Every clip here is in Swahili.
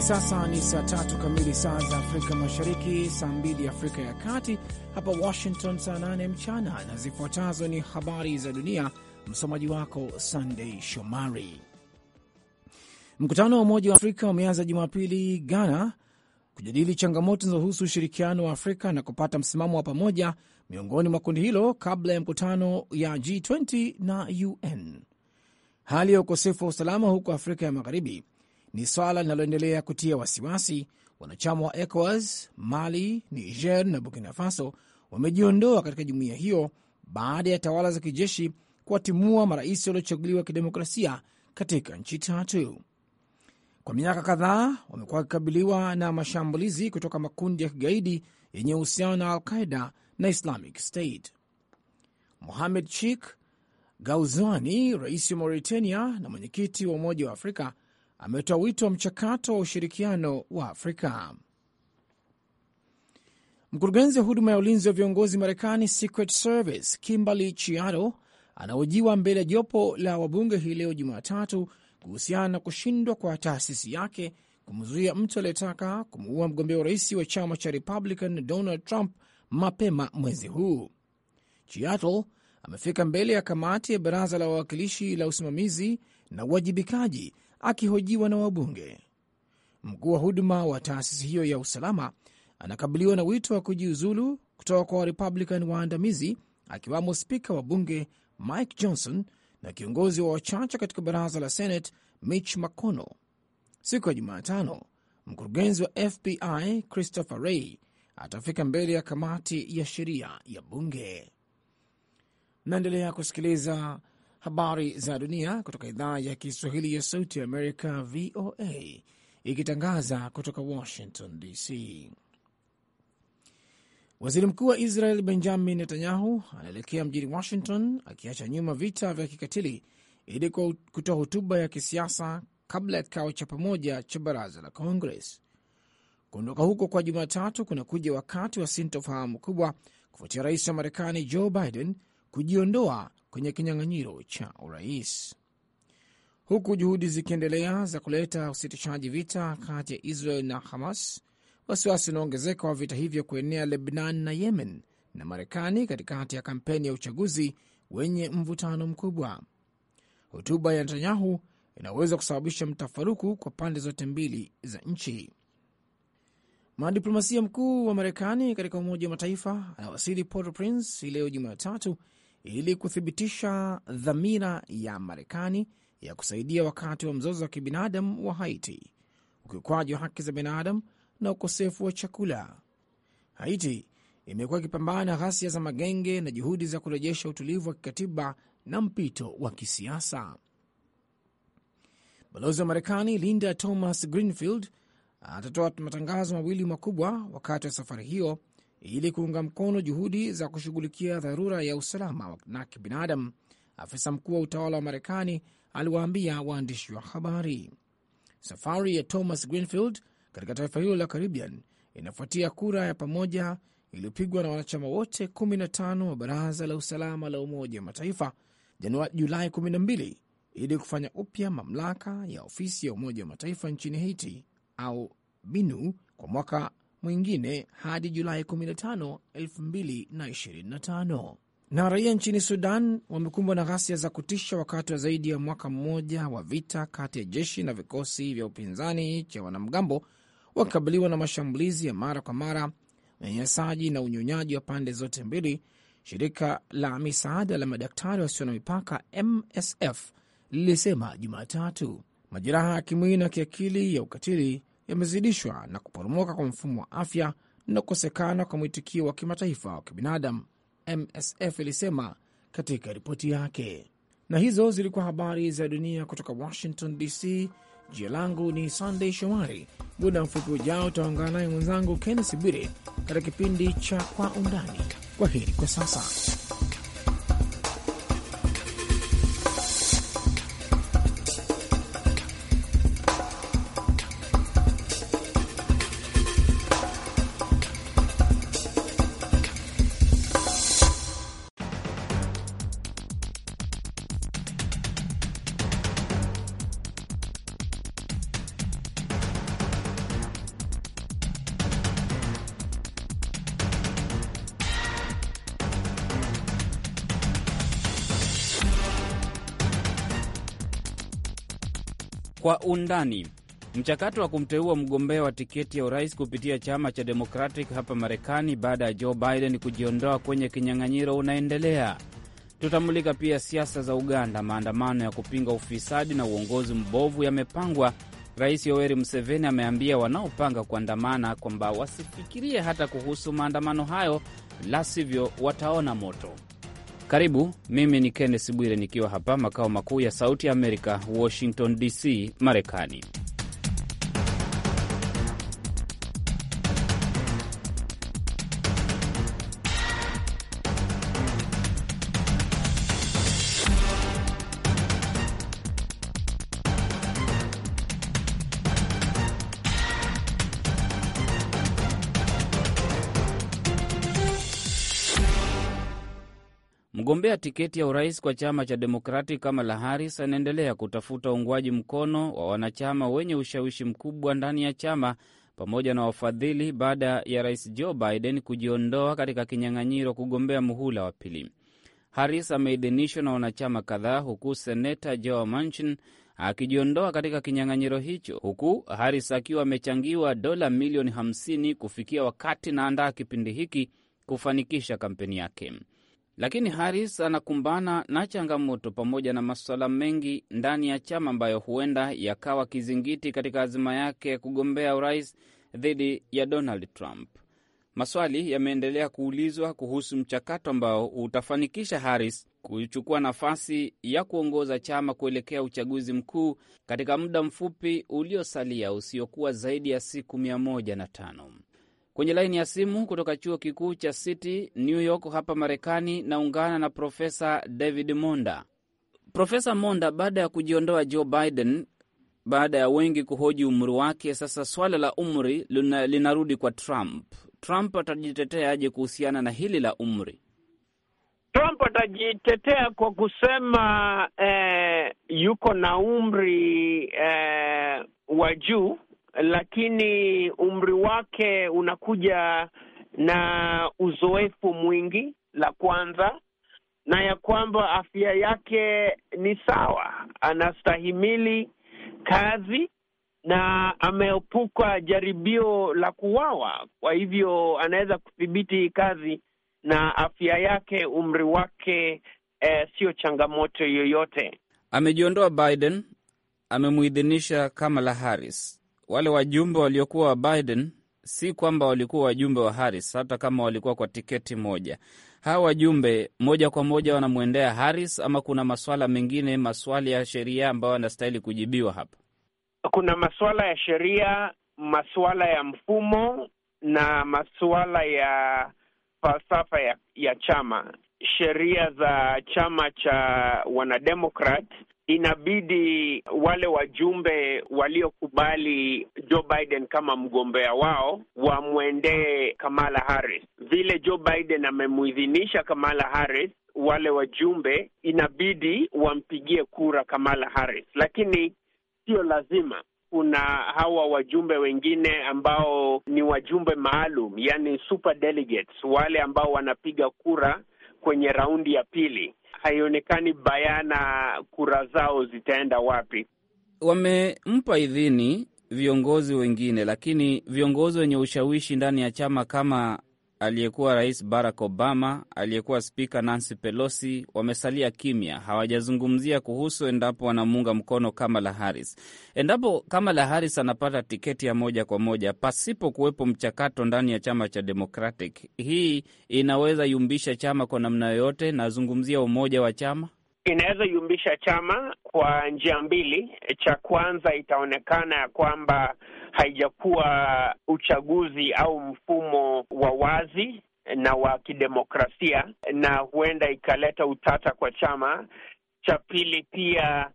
Hivi sasa ni saa tatu kamili saa za Afrika Mashariki, saa mbili Afrika ya Kati, hapa Washington saa nane mchana, na zifuatazo ni habari za dunia. Msomaji wako Sandei Shomari. Mkutano wa Umoja wa Afrika umeanza Jumapili Ghana kujadili changamoto zinazohusu ushirikiano wa Afrika na kupata msimamo wa pamoja miongoni mwa kundi hilo kabla ya mkutano ya G20 na UN. Hali ya ukosefu wa usalama huko Afrika ya Magharibi ni swala linaloendelea kutia wasiwasi. Wanachama wa ECOWAS, Mali, Niger na Burkina Faso wamejiondoa katika jumuiya hiyo baada ya tawala za kijeshi kuwatimua marais waliochaguliwa kidemokrasia katika nchi tatu. Kwa miaka kadhaa wamekuwa wakikabiliwa na mashambulizi kutoka makundi ya kigaidi yenye uhusiano na Alqaida na Islamic State. Mohamed Sheikh Gauzani, rais wa Mauritania na mwenyekiti wa Umoja wa Afrika, ametoa wito wa mchakato wa ushirikiano wa Afrika. Mkurugenzi wa huduma ya ulinzi wa viongozi Marekani, Secret Service, Kimberly Chiaro anahojiwa mbele ya jopo la wabunge hii leo Jumatatu kuhusiana na kushindwa kwa taasisi yake kumzuia mtu aliyetaka kumuua mgombea urais wa chama cha Republican Donald Trump mapema mwezi huu. Chiatl amefika mbele ya kamati ya baraza la wawakilishi la usimamizi na uwajibikaji akihojiwa na wabunge. Mkuu wa huduma wa taasisi hiyo ya usalama anakabiliwa na wito wa kujiuzulu kutoka kwa Warepublican waandamizi akiwamo spika wa bunge Mike Johnson na kiongozi wa wachache katika baraza la Senate Mitch McConnell. Siku ya Jumatano, mkurugenzi wa FBI Christopher Wray atafika mbele ya kamati ya sheria ya bunge. Naendelea kusikiliza Habari za dunia kutoka idhaa ya Kiswahili ya Sauti ya Amerika, VOA, ikitangaza kutoka Washington DC. Waziri Mkuu wa Israel Benjamin Netanyahu anaelekea mjini Washington akiacha nyuma vita vya kikatili ili kutoa hotuba ya kisiasa kabla ya kikao cha pamoja cha baraza la Congress. Kuondoka huko kwa Jumatatu kunakuja wakati wa sintofahamu kubwa kufuatia rais wa Marekani Joe Biden kujiondoa kwenye kinyang'anyiro cha urais, huku juhudi zikiendelea za kuleta usitishaji vita kati ya Israel na Hamas. Wasiwasi unaongezeka wa vita hivyo kuenea Lebnan na Yemen na Marekani katikati ya kampeni ya uchaguzi wenye mvutano mkubwa. Hotuba ya Netanyahu inaweza kusababisha mtafaruku kwa pande zote mbili za nchi. Mwanadiplomasia mkuu wa Marekani katika Umoja wa Mataifa anawasili Port au Prince hii leo Jumatatu ili kuthibitisha dhamira ya Marekani ya kusaidia wakati wa mzozo wa kibinadamu wa Haiti, ukiukwaji wa haki za binadamu na ukosefu wa chakula. Haiti imekuwa ikipambana na ghasia za magenge na juhudi za kurejesha utulivu wa kikatiba na mpito wa kisiasa. Balozi wa Marekani Linda Thomas Greenfield atatoa matangazo mawili makubwa wakati wa safari hiyo ili kuunga mkono juhudi za kushughulikia dharura ya usalama na kibinadamu. Afisa mkuu wa utawala wa Marekani aliwaambia waandishi wa habari. Safari ya Thomas Greenfield katika taifa hilo la Caribbean inafuatia kura ya pamoja iliyopigwa na wanachama wote 15 wa Baraza la Usalama la Umoja wa Mataifa Januari Julai 12 ili kufanya upya mamlaka ya ofisi ya Umoja wa Mataifa nchini Haiti au BINU kwa mwaka mwingine hadi Julai 15, 2025. Na raia nchini Sudan wamekumbwa na ghasia za kutisha wakati wa zaidi ya mwaka mmoja wa vita kati ya jeshi na vikosi vya upinzani cha wanamgambo, wakikabiliwa na mashambulizi ya mara kwa mara, unyanyasaji na unyonyaji wa pande zote mbili. Shirika la misaada la madaktari wasio na mipaka MSF lilisema Jumatatu majeraha ya kimwili na kiakili ya ukatili yamezidishwa na kuporomoka kwa mfumo wa afya na kukosekana kwa mwitikio wa kimataifa wa kibinadamu, MSF ilisema katika ripoti yake. Na hizo zilikuwa habari za dunia kutoka Washington DC. Jina langu ni Sandey Shomari. Muda mfupi ujao utaungana naye mwenzangu Kennes Bwire katika kipindi cha Kwa Undani. Kwa heri kwa sasa. undani mchakato wa kumteua mgombea wa tiketi ya urais kupitia chama cha Democratic hapa Marekani baada ya Joe Biden kujiondoa kwenye kinyang'anyiro unaendelea. Tutamulika pia siasa za Uganda. Maandamano ya kupinga ufisadi na uongozi mbovu yamepangwa. Rais Yoweri Museveni ameambia wanaopanga kuandamana kwamba wasifikirie hata kuhusu maandamano hayo, la sivyo wataona moto. Karibu, mimi ni Kenneth Bwire nikiwa hapa makao makuu ya Sauti ya Amerika, Washington DC, Marekani. mgombea tiketi ya urais kwa chama cha kama Kamala Harris anaendelea kutafuta uungwaji mkono wa wanachama wenye ushawishi mkubwa ndani ya chama pamoja na wafadhili baada ya rais Joe Biden kujiondoa katika kinyang'anyiro kugombea muhula wa pili. Harris ameidhinishwa na wanachama kadhaa, huku seneta Joe Manchin akijiondoa katika kinyang'anyiro hicho, huku Harris akiwa amechangiwa dola milioni 50 kufikia wakati na andaa kipindi hiki kufanikisha kampeni yake lakini haris anakumbana na changamoto pamoja na masuala mengi ndani ya chama ambayo huenda yakawa kizingiti katika azima yake ya kugombea urais dhidi ya Donald Trump. Maswali yameendelea kuulizwa kuhusu mchakato ambao utafanikisha haris kuchukua nafasi ya kuongoza chama kuelekea uchaguzi mkuu katika muda mfupi uliosalia usiokuwa zaidi ya siku mia moja na tano. Kwenye laini ya simu kutoka chuo kikuu cha City New York hapa Marekani, naungana na Profesa David Monda. Profesa Monda, baada ya kujiondoa Joe Biden, baada ya wengi kuhoji umri wake, sasa swala la umri linarudi kwa Trump. Trump atajiteteaje kuhusiana na hili la umri? Trump atajitetea kwa kusema eh, yuko na umri eh, wa juu lakini umri wake unakuja na uzoefu mwingi, la kwanza, na ya kwamba afya yake ni sawa, anastahimili kazi na ameepuka jaribio la kuwawa. Kwa hivyo anaweza kudhibiti kazi na afya yake, umri wake eh, sio changamoto yoyote. Amejiondoa Biden, amemuidhinisha Kamala Harris wale wajumbe waliokuwa wa Biden si kwamba walikuwa wajumbe wa Harris, hata kama walikuwa kwa tiketi moja. Hawa wajumbe moja kwa moja wanamwendea Harris ama kuna maswala mengine, maswali ya sheria ambayo yanastahili kujibiwa hapa? Kuna maswala ya sheria, maswala ya mfumo na maswala ya falsafa ya, ya chama. Sheria za chama cha wanademokrat inabidi wale wajumbe waliokubali Joe Biden kama mgombea wao wamwendee Kamala Harris. Vile Joe Biden amemuidhinisha Kamala Harris, wale wajumbe inabidi wampigie kura Kamala Harris, lakini sio lazima kuna hawa wajumbe wengine ambao ni wajumbe maalum, yani super delegates, wale ambao wanapiga kura kwenye raundi ya pili. Haionekani bayana kura zao zitaenda wapi. Wamempa idhini viongozi wengine, lakini viongozi wenye ushawishi ndani ya chama kama aliyekuwa rais Barack Obama, aliyekuwa spika Nancy Pelosi wamesalia kimya, hawajazungumzia kuhusu endapo wanamuunga mkono Kamala Harris. Endapo Kamala Harris anapata tiketi ya moja kwa moja pasipo kuwepo mchakato ndani ya chama cha Democratic, hii inaweza yumbisha chama kwa namna yoyote? Nazungumzia umoja wa chama inaweza yumbisha chama kwa njia mbili. Cha kwanza, itaonekana ya kwamba haijakuwa uchaguzi au mfumo wa wazi na wa kidemokrasia, na huenda ikaleta utata kwa chama. Cha pili, pia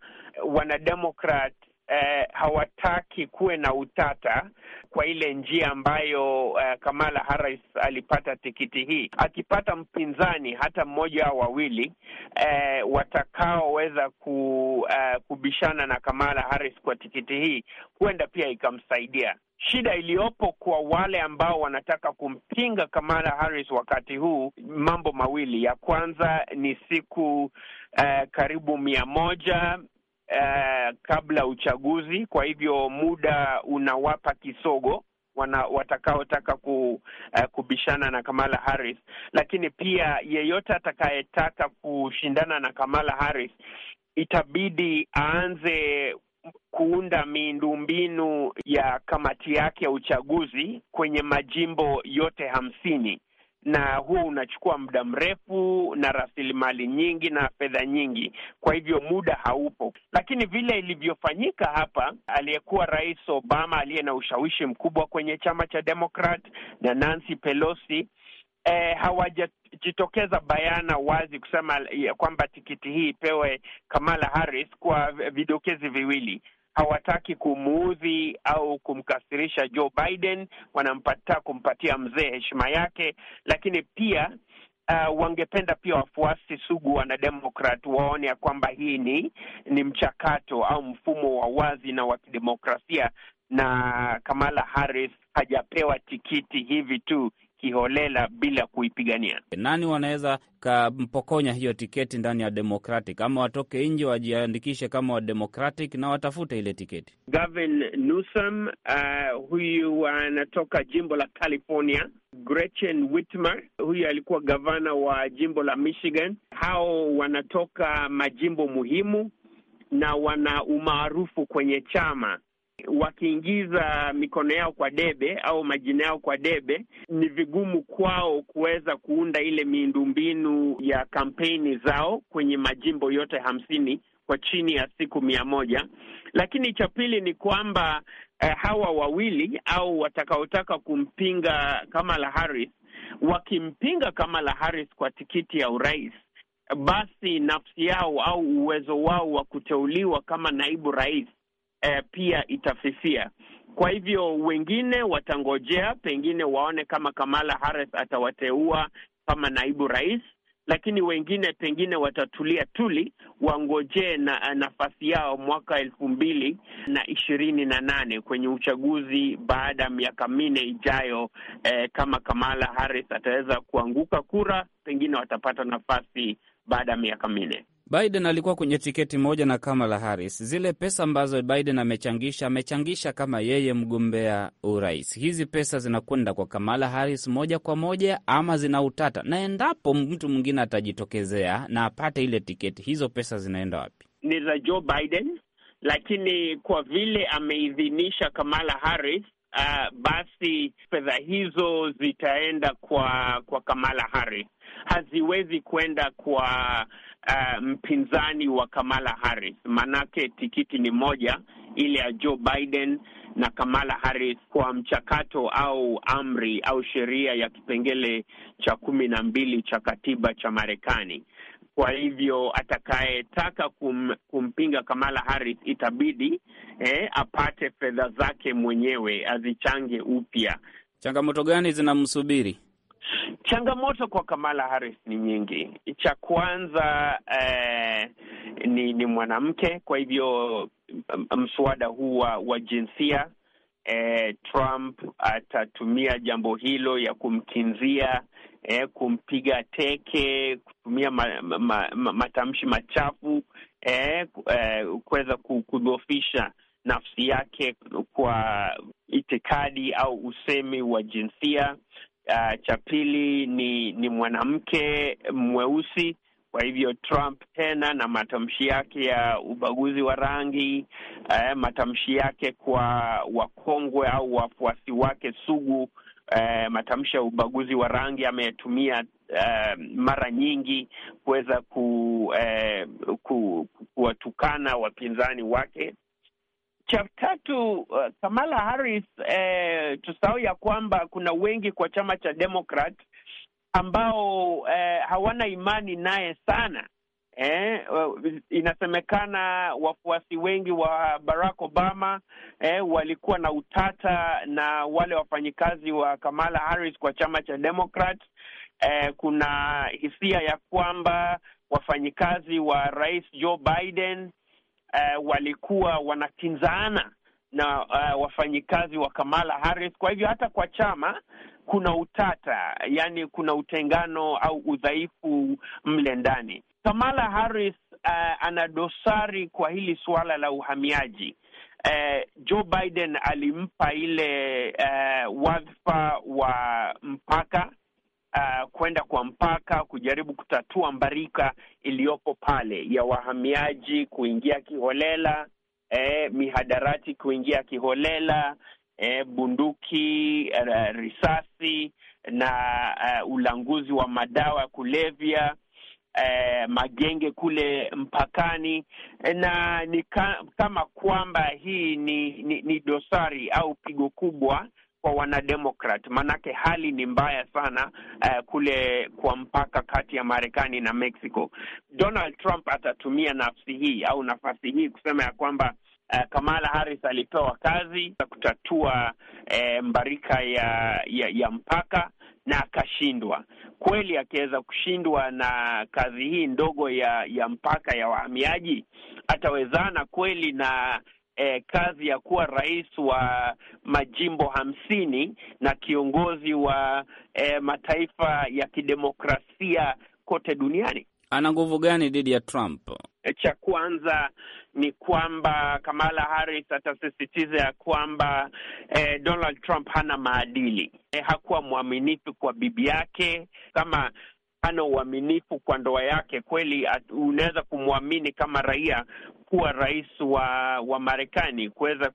wanademokrat eh, hawataki kuwe na utata kwa ile njia ambayo uh, Kamala Harris alipata tikiti hii. Akipata mpinzani hata mmoja au wawili uh, watakaoweza ku, uh, kubishana na Kamala Harris kwa tikiti hii, huenda pia ikamsaidia. Shida iliyopo kwa wale ambao wanataka kumpinga Kamala Harris wakati huu, mambo mawili. Ya kwanza ni siku uh, karibu mia moja uh, kabla uchaguzi. Kwa hivyo muda unawapa kisogo wana watakaotaka ku, uh, kubishana na Kamala Harris, lakini pia yeyote atakayetaka kushindana na Kamala Harris itabidi aanze kuunda miundombinu ya kamati yake ya uchaguzi kwenye majimbo yote hamsini na huu unachukua muda mrefu na rasilimali nyingi na fedha nyingi, kwa hivyo muda haupo. Lakini vile ilivyofanyika hapa, aliyekuwa Rais Obama aliye na ushawishi mkubwa kwenye chama cha Demokrat na Nancy Pelosi eh, hawajajitokeza bayana wazi kusema kwamba tikiti hii ipewe Kamala Harris kwa vidokezi viwili hawataki kumuudhi au kumkasirisha Joe Biden, wanampata kumpatia mzee heshima yake, lakini pia Uh, wangependa pia wafuasi sugu wanademokrat waone ya kwamba hii ni ni mchakato au mfumo wa wazi na wa kidemokrasia, na Kamala Harris hajapewa tikiti hivi tu kiholela bila kuipigania. Nani wanaweza kampokonya hiyo tiketi ndani ya Democratic? Ama watoke nje wajiandikishe kama wa Democratic na watafute ile tiketi. Gavin Newsom uh, huyu anatoka jimbo la California. Gretchen Whitmer huyu alikuwa gavana wa jimbo la Michigan. Hao wanatoka majimbo muhimu na wana umaarufu kwenye chama wakiingiza mikono yao kwa debe au majina yao kwa debe, ni vigumu kwao kuweza kuunda ile miundombinu ya kampeni zao kwenye majimbo yote hamsini kwa chini ya siku mia moja. Lakini cha pili ni kwamba eh, hawa wawili au watakaotaka kumpinga Kamala Harris wakimpinga Kamala Harris kwa tikiti ya urais basi nafsi yao au uwezo wao wa kuteuliwa kama naibu rais eh, pia itafifia. Kwa hivyo wengine watangojea, pengine waone kama Kamala Harris atawateua kama naibu rais, lakini wengine pengine watatulia tuli wangojee na eh, nafasi yao mwaka elfu mbili na ishirini na nane kwenye uchaguzi baada ya miaka minne ijayo. Eh, kama Kamala Harris ataweza kuanguka kura, pengine watapata nafasi baada ya miaka minne. Biden alikuwa kwenye tiketi moja na Kamala Harris. Zile pesa ambazo Biden amechangisha, amechangisha kama yeye mgombea urais. Hizi pesa zinakwenda kwa Kamala Harris moja kwa moja ama zina utata? Na endapo mtu mwingine atajitokezea na apate ile tiketi, hizo pesa zinaenda wapi? Ni za Joe Biden, lakini kwa vile ameidhinisha Kamala Harris Uh, basi fedha hizo zitaenda kwa kwa Kamala Harris, haziwezi kwenda kwa uh, mpinzani wa Kamala Harris, manake tikiti ni moja ile ya Joe Biden na Kamala Harris kwa mchakato au amri au sheria ya kipengele cha kumi na mbili cha katiba cha Marekani. Kwa hivyo atakayetaka kum, kumpinga Kamala Harris itabidi eh, apate fedha zake mwenyewe azichange upya. Changamoto gani zinamsubiri? Changamoto kwa Kamala Harris ni nyingi. Cha kwanza eh, ni, ni mwanamke, kwa hivyo mswada huu wa jinsia eh, Trump atatumia jambo hilo ya kumkinzia eh, kumpiga teke, kutumia ma, ma, ma, matamshi machafu eh, eh, kuweza kudhofisha nafsi yake kwa itikadi au usemi wa jinsia uh, cha pili ni ni mwanamke mweusi. Kwa hivyo Trump tena na matamshi yake ya ubaguzi wa rangi uh, matamshi yake kwa wakongwe au wafuasi wake sugu uh, matamshi ya ubaguzi wa rangi ameyatumia uh, mara nyingi kuweza ku, uh, ku, kuwatukana wapinzani wake cha tatu, uh, Kamala Harris eh, tusahau ya kwamba kuna wengi kwa chama cha Democrat ambao eh, hawana imani naye sana eh, uh, inasemekana wafuasi wengi wa Barack Obama eh, walikuwa na utata na wale wafanyikazi wa Kamala Harris kwa chama cha Democrat. Eh, kuna hisia ya kwamba wafanyikazi wa Rais Joe Biden uh, walikuwa wanakinzana na uh, wafanyikazi wa Kamala Harris. Kwa hivyo hata kwa chama kuna utata, yani kuna utengano au udhaifu mle ndani. Kamala Harris uh, ana dosari kwa hili suala la uhamiaji. Uh, Joe Biden alimpa ile uh, wadhifa wa mpaka uh, kwenda kwa mpaka kujaribu kutatua mbarika iliyopo pale ya wahamiaji kuingia kiholela, eh, mihadarati kuingia kiholela, eh, bunduki, uh, risasi na uh, ulanguzi wa madawa ya kulevya. Eh, magenge kule mpakani na ni ka, kama kwamba hii ni, ni, ni dosari au pigo kubwa kwa wanademokrat, maanake hali ni mbaya sana uh, kule kwa mpaka kati ya Marekani na Mexico. Donald Trump atatumia nafsi hii au nafasi hii kusema ya kwamba Uh, Kamala Harris alipewa kazi ya kutatua eh, mbarika ya, ya ya mpaka na akashindwa. Kweli akiweza kushindwa na kazi hii ndogo ya ya mpaka ya wahamiaji, atawezana kweli na eh, kazi ya kuwa rais wa majimbo hamsini na kiongozi wa eh, mataifa ya kidemokrasia kote duniani. Ana nguvu gani dhidi ya Trump? Eh, cha kwanza ni kwamba Kamala Harris atasisitiza ya kwamba eh, Donald Trump hana maadili eh, hakuwa mwaminifu kwa bibi yake. Kama hana uaminifu kwa ndoa yake kweli, unaweza kumwamini kama raia kuwa rais wa wa Marekani kuweza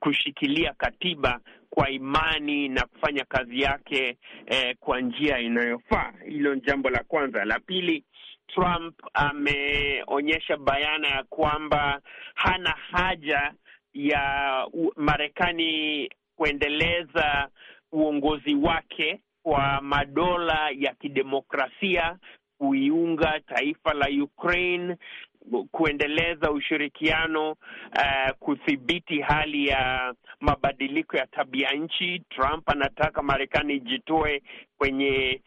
kushikilia katiba kwa imani na kufanya kazi yake eh, kwa njia inayofaa. Hilo ni jambo la kwanza. La pili, Trump ameonyesha bayana ya kwamba hana haja ya Marekani kuendeleza uongozi wake kwa madola ya kidemokrasia kuiunga taifa la Ukraine kuendeleza ushirikiano uh, kudhibiti hali ya mabadiliko ya tabia nchi. Trump anataka Marekani ijitoe kwenye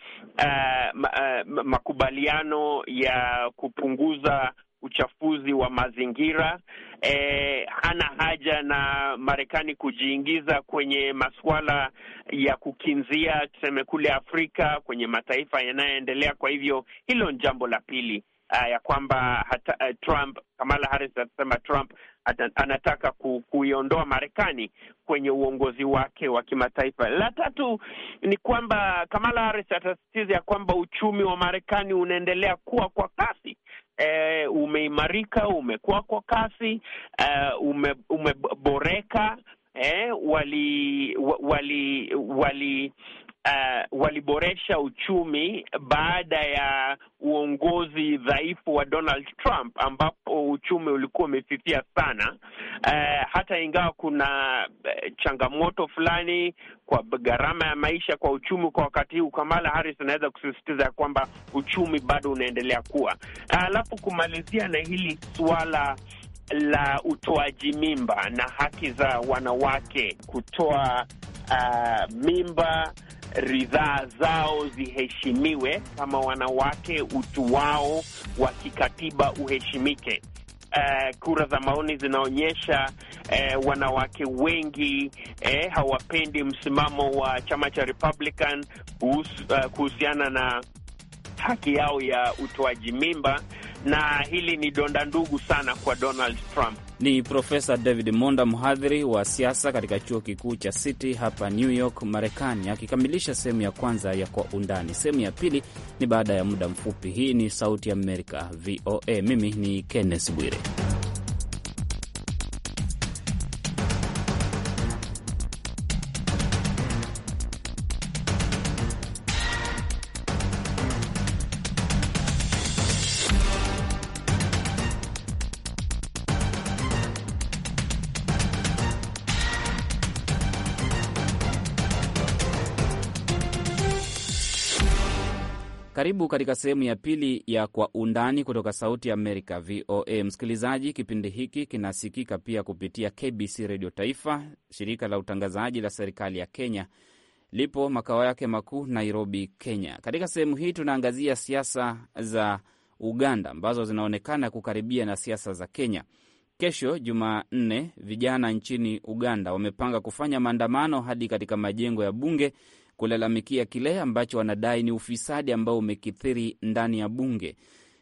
uh, uh, makubaliano ya kupunguza uchafuzi wa mazingira eh, hana haja na Marekani kujiingiza kwenye masuala ya kukinzia tuseme kule Afrika kwenye mataifa yanayoendelea. Kwa hivyo hilo ni jambo la pili, uh, ya kwamba hata, uh, Trump Kamala Harris atasema Trump hata, anataka ku, kuiondoa Marekani kwenye uongozi wake wa kimataifa. La tatu ni kwamba Kamala Harris atasisitiza ya kwamba uchumi wa Marekani unaendelea kuwa kwa kasi eh, umeimarika, umekuwa kwa kasi, uh, ume, umeboreka. Eh, wali wali wali uh, waliboresha uchumi baada ya uongozi dhaifu wa Donald Trump, ambapo uchumi ulikuwa umefifia sana uh, hata ingawa kuna uh, changamoto fulani kwa gharama ya maisha kwa uchumi kwa wakati huu. Kamala Harris anaweza kusisitiza ya kwamba uchumi bado unaendelea kuwa. Uh, alafu uh, kumalizia na hili suala la utoaji mimba na haki za wanawake kutoa uh, mimba ridhaa zao ziheshimiwe, kama wanawake utu wao wa kikatiba uheshimike. Uh, kura za maoni zinaonyesha uh, wanawake wengi uh, hawapendi msimamo wa chama cha Republican kuhusiana na haki yao ya utoaji mimba, na hili ni donda ndugu sana kwa Donald Trump. Ni Profesa David Monda, mhadhiri wa siasa katika chuo kikuu cha City hapa New York, Marekani, akikamilisha sehemu ya kwanza ya Kwa Undani. Sehemu ya pili ni baada ya muda mfupi. Hii ni Sauti ya Amerika, VOA. Mimi ni Kenneth Bwire. Karibu katika sehemu ya pili ya Kwa Undani kutoka Sauti ya Amerika, VOA. Msikilizaji, kipindi hiki kinasikika pia kupitia KBC Redio Taifa, shirika la utangazaji la serikali ya Kenya, lipo makao yake makuu Nairobi, Kenya. Katika sehemu hii tunaangazia siasa za Uganda ambazo zinaonekana kukaribia na siasa za Kenya. Kesho Jumanne, vijana nchini Uganda wamepanga kufanya maandamano hadi katika majengo ya bunge kulalamikia kile ambacho wanadai ni ufisadi ambao umekithiri ndani ya bunge.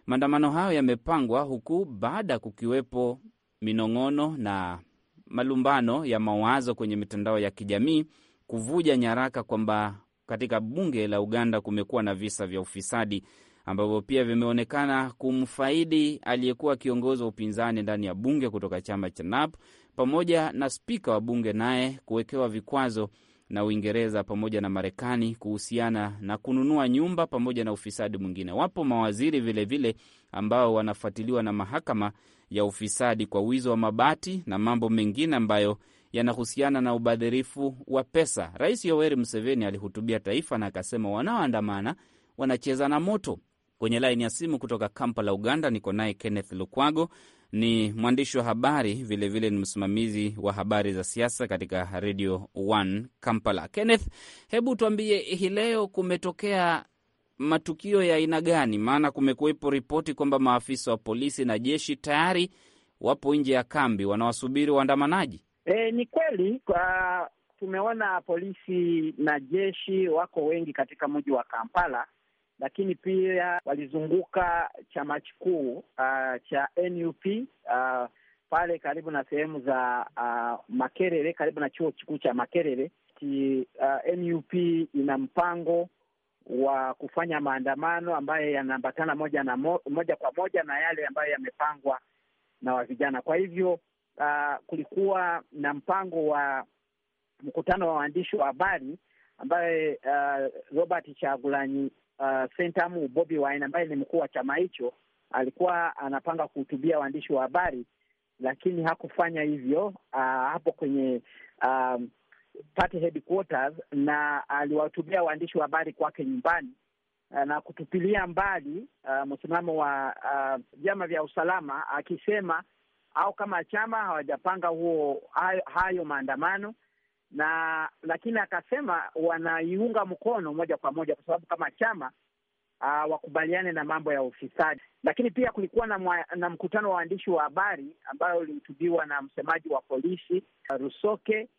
Maandamano hayo yamepangwa huku baada ya kukiwepo minong'ono na malumbano ya mawazo kwenye mitandao ya kijamii kuvuja nyaraka kwamba katika bunge la Uganda kumekuwa na visa vya ufisadi ambavyo pia vimeonekana kumfaidi aliyekuwa kiongozi wa upinzani ndani ya bunge kutoka chama cha NAP pamoja na spika wa bunge naye kuwekewa vikwazo na Uingereza pamoja na Marekani kuhusiana na kununua nyumba pamoja na ufisadi mwingine. Wapo mawaziri vilevile vile ambao wanafuatiliwa na mahakama ya ufisadi kwa wizo wa mabati na mambo mengine ambayo yanahusiana na ubadhirifu wa pesa. Rais Yoweri Museveni alihutubia taifa na akasema wanaoandamana wanacheza na moto. Kwenye laini ya simu kutoka Kampala, Uganda, niko naye Kenneth Lukwago, ni mwandishi wa habari vilevile, vile ni msimamizi wa habari za siasa katika Radio One Kampala. Kenneth, hebu tuambie, hii leo kumetokea matukio ya aina gani? Maana kumekuwepo ripoti kwamba maafisa wa polisi na jeshi tayari wapo nje ya kambi wanawasubiri waandamanaji. E, ni kweli kwa tumeona polisi na jeshi wako wengi katika mji wa Kampala lakini pia walizunguka chama kikuu uh, cha NUP uh, ah, pale karibu na sehemu za uh, Makerere, karibu na chuo kikuu cha Makerere ki, uh, NUP ina mpango wa kufanya maandamano ambayo yanaambatana moja na mo, moja kwa moja na yale ambayo yamepangwa na wa vijana. Kwa hivyo uh, kulikuwa na mpango wa mkutano wa waandishi wa habari ambaye uh, Robert Chagulanyi uh, Sentamu Bobi Wine ambaye ni mkuu wa chama hicho alikuwa anapanga kuhutubia waandishi wa habari, lakini hakufanya hivyo uh, hapo kwenye um, party headquarters, na aliwahutubia waandishi wa habari kwake nyumbani uh, na kutupilia mbali uh, msimamo wa uh, vyama uh, vya usalama akisema au kama chama hawajapanga huo hayo, hayo maandamano na lakini akasema wanaiunga mkono moja kwa moja, kwa sababu kama chama uh, wakubaliane na mambo ya ufisadi. Lakini pia kulikuwa na, mwa, na mkutano wa waandishi wa habari ambayo ulihutubiwa na msemaji wa polisi ah, Rusoke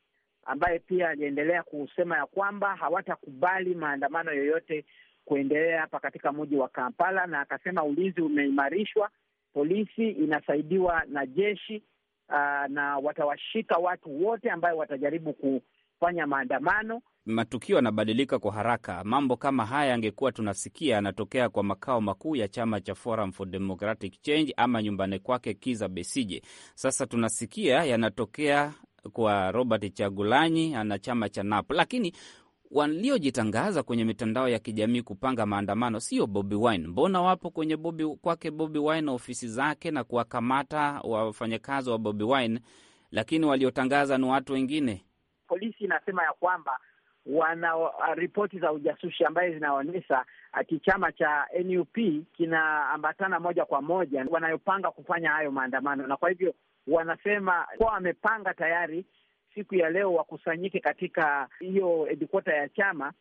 ambaye pia aliendelea kusema ya kwamba hawatakubali maandamano yoyote kuendelea hapa katika mji wa Kampala, na akasema ulinzi umeimarishwa, polisi inasaidiwa na jeshi uh, na watawashika watu wote ambayo watajaribu kufanya maandamano. Matukio yanabadilika kwa haraka. Mambo kama haya yangekuwa tunasikia yanatokea kwa makao makuu ya chama cha Forum for Democratic Change ama nyumbani kwake Kiza Besije. Sasa tunasikia yanatokea kwa Robert Chagulanyi ana chama cha NAP, lakini waliojitangaza kwenye mitandao ya kijamii kupanga maandamano sio Bobi Wine. Mbona wapo kwenye Bobi, kwake Bobi Wine na ofisi zake na kuwakamata wafanyakazi wa Bobi Wine, lakini waliotangaza ni watu wengine. Polisi inasema ya kwamba wana ripoti za ujasusi ambayo zinaonyesha ati chama cha NUP kinaambatana moja kwa moja wanayopanga kufanya hayo maandamano, na kwa hivyo wanasema kuwa wamepanga tayari siku ya leo wakusanyike katika hiyo edikota ya chama,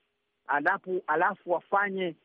alafu alafu wafanye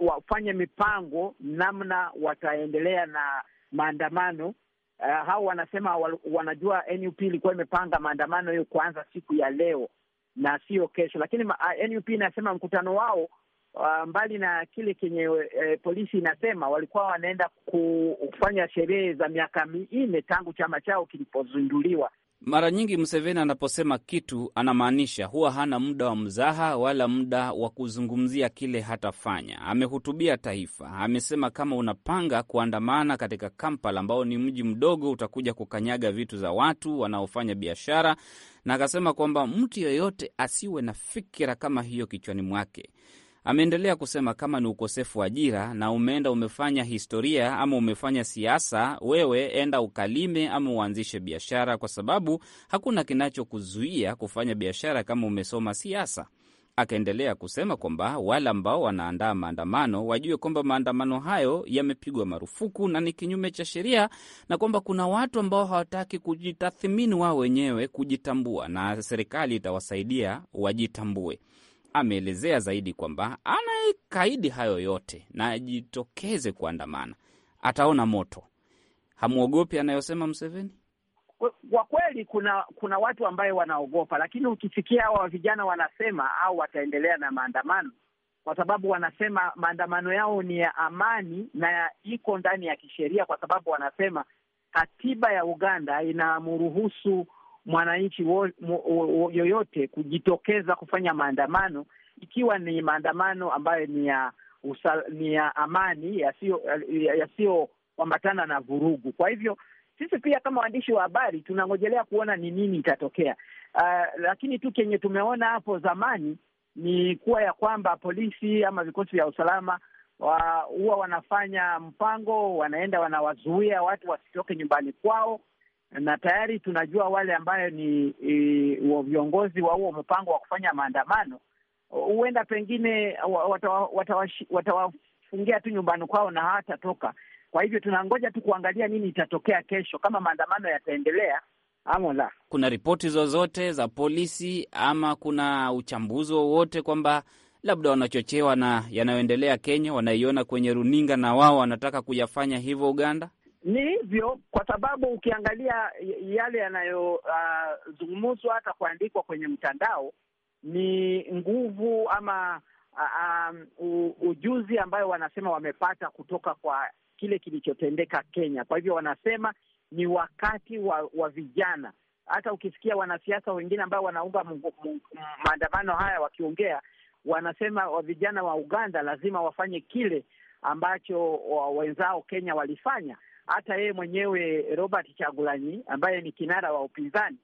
wafanye mipango namna wataendelea na maandamano. Uh, hao wanasema wal, wanajua NUP ilikuwa imepanga maandamano hiyo kuanza siku ya leo na siyo kesho, lakini ma, uh, ah, NUP inasema mkutano wao uh, mbali na kile kenye uh, polisi inasema walikuwa wanaenda kufanya sherehe za miaka minne tangu chama chao kilipozinduliwa mara nyingi Museveni anaposema kitu anamaanisha, huwa hana muda wa mzaha wala muda wa kuzungumzia kile hatafanya. Amehutubia taifa, amesema kama unapanga kuandamana katika Kampala ambao ni mji mdogo, utakuja kukanyaga vitu za watu wanaofanya biashara, na akasema kwamba mtu yeyote asiwe na fikira kama hiyo kichwani mwake. Ameendelea kusema kama ni ukosefu wa ajira na umeenda umefanya historia ama umefanya siasa, wewe enda ukalime ama uanzishe biashara, kwa sababu hakuna kinachokuzuia kufanya biashara kama umesoma siasa. Akaendelea kusema kwamba wale ambao wanaandaa maandamano wajue kwamba maandamano hayo yamepigwa marufuku na ni kinyume cha sheria, na kwamba kuna watu ambao hawataki kujitathmini wao wenyewe, kujitambua, na serikali itawasaidia wajitambue ameelezea zaidi kwamba anayekaidi hayo yote na ajitokeze kuandamana ataona moto. Hamwogopi anayosema Mseveni? Kwa kweli kuna kuna watu ambaye wanaogopa, lakini ukisikia hawa vijana wanasema au wataendelea na maandamano, kwa sababu wanasema maandamano yao ni ya amani na iko ndani ya kisheria, kwa sababu wanasema katiba ya Uganda inamruhusu mwananchi yoyote kujitokeza kufanya maandamano, ikiwa ni maandamano ambayo ni ya usal, ni ya amani yasiyoambatana ya na vurugu. Kwa hivyo sisi pia kama waandishi wa habari tunangojelea kuona ni nini itatokea. Uh, lakini tu kenye tumeona hapo zamani ni kuwa ya kwamba polisi ama vikosi vya usalama huwa wanafanya mpango, wanaenda wanawazuia watu wasitoke nyumbani kwao na tayari tunajua wale ambayo ni e, viongozi wa huo mpango wa kufanya maandamano, huenda pengine watawafungia tu nyumbani kwao na hawatatoka. Kwa hivyo tunangoja tu kuangalia nini itatokea kesho, kama maandamano yataendelea ama la. Kuna ripoti zozote za polisi ama kuna uchambuzi wowote kwamba labda wanachochewa na yanayoendelea Kenya, wanaiona kwenye runinga na wao wanataka kuyafanya hivyo Uganda? Ni hivyo kwa sababu ukiangalia yale yanayozungumzwa ah, uh, hata kuandikwa kwenye mtandao ni nguvu ama uh, um, ujuzi ambayo wanasema wamepata kutoka kwa kile kilichotendeka Kenya. Kwa hivyo wanasema ni wakati wa, wa vijana. Hata ukisikia wanasiasa wengine ambao wanaunga maandamano haya wakiongea, wanasema wa vijana wa Uganda lazima wafanye kile ambacho wenzao Kenya walifanya hata yeye mwenyewe Robert Chagulanyi ambaye ni kinara wa upinzani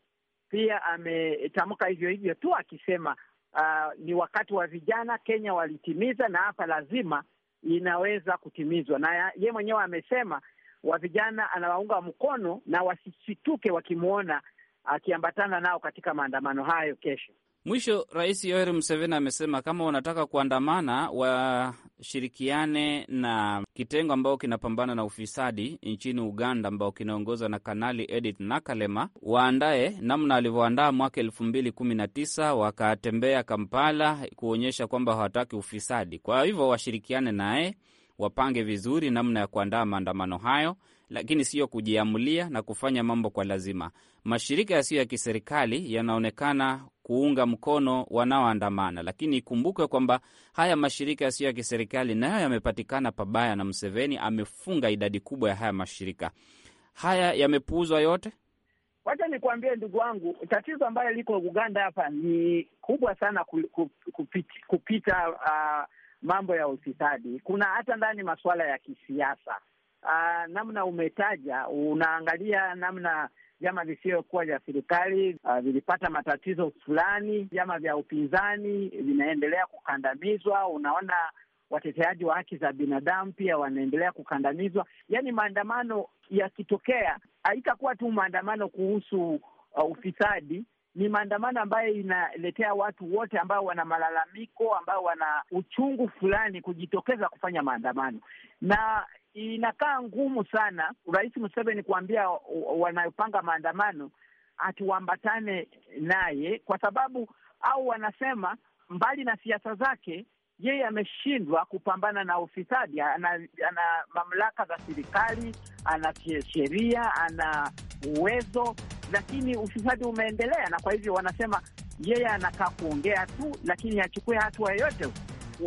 pia ametamka hivyo hivyo tu akisema, uh, ni wakati wa vijana. Kenya walitimiza na hapa lazima inaweza kutimizwa, na ye mwenyewe amesema wa vijana anawaunga mkono na wasisituke wakimwona akiambatana nao katika maandamano hayo kesho. Mwisho, Rais Yoweri Museveni amesema kama wanataka kuandamana washirikiane na kitengo ambao kinapambana na ufisadi nchini Uganda, ambao kinaongozwa na Kanali Edith Nakalema. Waandae namna alivyoandaa mwaka elfu mbili kumi na tisa, wakatembea Kampala kuonyesha kwamba hawataki ufisadi. Kwa hivyo washirikiane naye wapange vizuri namna ya kuandaa maandamano hayo, lakini siyo kujiamulia na kufanya mambo kwa lazima. Mashirika yasiyo ya kiserikali yanaonekana kuunga mkono wanaoandamana, lakini ikumbukwe kwamba haya mashirika yasiyo ya kiserikali nayo yamepatikana pabaya, na Mseveni amefunga idadi kubwa ya haya mashirika. Haya yamepuuzwa yote. Wacha nikuambie ndugu wangu, tatizo ambayo liko Uganda hapa ni kubwa sana kupita, kupita uh, mambo ya ufisadi. Kuna hata ndani masuala ya kisiasa uh, namna umetaja, unaangalia namna vyama visivyokuwa vya serikali uh, vilipata matatizo fulani. Vyama vya upinzani vinaendelea kukandamizwa. Unaona, wateteaji wa haki za binadamu pia wanaendelea kukandamizwa. Yaani, maandamano yakitokea haitakuwa tu maandamano kuhusu uh, ufisadi ni maandamano ambayo inaletea watu wote ambao wana malalamiko, ambao wana uchungu fulani kujitokeza kufanya maandamano, na inakaa ngumu sana Rais Museveni kuambia wanayopanga maandamano atuambatane naye, kwa sababu au wanasema mbali na siasa zake yeye ameshindwa kupambana na ufisadi. Ana, ana mamlaka za serikali, ana sheria, ana uwezo, lakini ufisadi umeendelea, na kwa hivyo wanasema yeye anakaa kuongea tu, lakini achukue hatua yoyote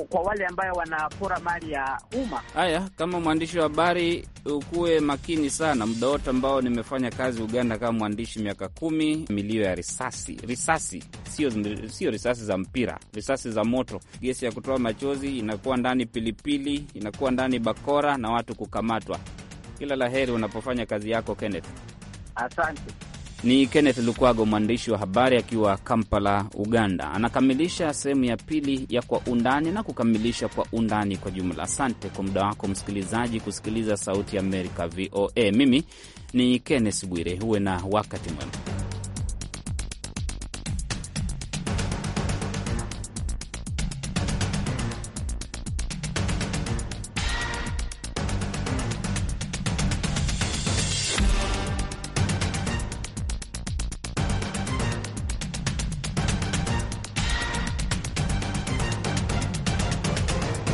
kwa wale ambayo wanapora mali ya umma. Haya, kama mwandishi wa habari ukuwe makini sana. Muda wote ambao nimefanya kazi Uganda kama mwandishi, miaka kumi, milio ya risasi, risasi sio sio risasi za mpira, risasi za moto, gesi ya kutoa machozi, inakuwa ndani pilipili, inakuwa ndani bakora na watu kukamatwa. Kila la heri unapofanya kazi yako Kenneth. Asante. Ni Kenneth Lukwago, mwandishi wa habari akiwa Kampala, Uganda, anakamilisha sehemu ya pili ya Kwa Undani na kukamilisha Kwa Undani kwa jumla. Asante kwa muda wako msikilizaji, kusikiliza Sauti ya Amerika, VOA. Mimi ni Kenneth Bwire, huwe na wakati mwema.